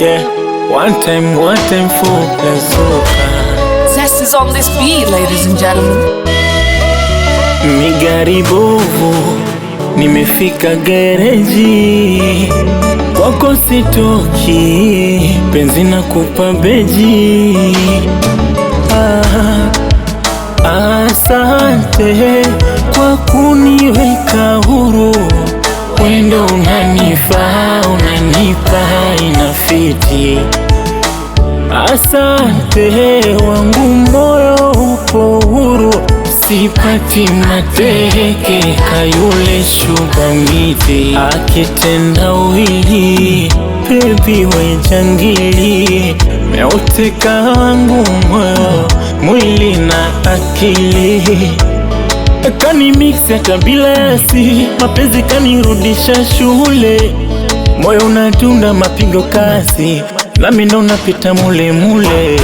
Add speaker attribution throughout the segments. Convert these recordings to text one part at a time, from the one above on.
Speaker 1: Yeah, one time, one time for Lazuka.
Speaker 2: Zest is on this beat, ladies and gentlemen.
Speaker 1: Mi gari bovu, nimefika gereji. Kwako sitoki, penzi na kupa beji. Ah, ah asante kwa kuniweka huru haki. Asante ee wangu, moyo upo huru, sipati mateke. Kayule shuga miti akitenda wili, bebi wejangili meoteka wangu moyo, mwili na akili kani mix ya kabila yasi mapenzi kanirudisha shule moyo unatunda mapigo kasi, nami ndo unapita mule mule.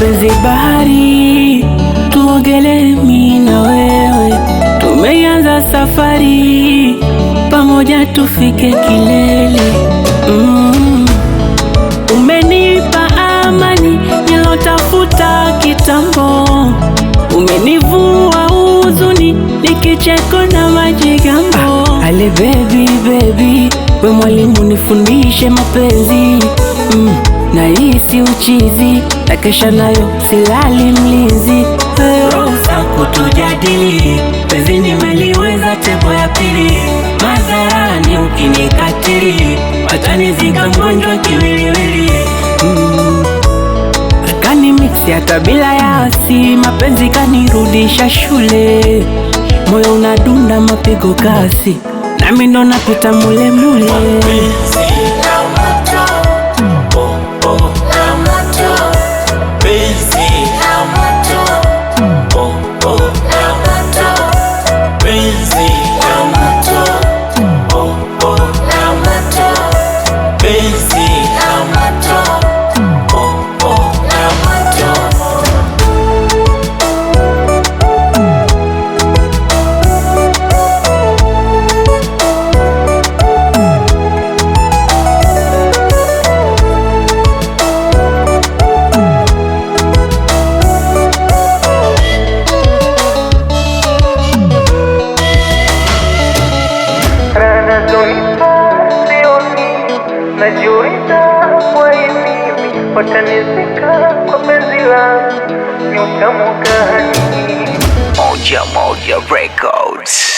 Speaker 1: penzi bahari, tuogele mi na wewe, tumeanza safari pamoja, tufike kilele mm. Umenipa amani nilotafuta kitambo, umenivua huzuni, nikicheko na na majigambo. Ah, ale baby baby, we mwalimu nifundishe mapenzi mm. na hisi uchizi Nakesha nayo silali mlinzi ruhusa kutujadili pezi nimeliweza tebo ya pili madharani ukinikatili watanizika mgonjwa kiwiliwili mm. Kani miksi hata bila yasi mapenzi kanirudisha shule moyo unadunda mapigo kasi nami ndo napita mulemule Ukiwita kwa hivi watanizika kwa penzi la nyuka mukani.
Speaker 3: Moja Moja Records.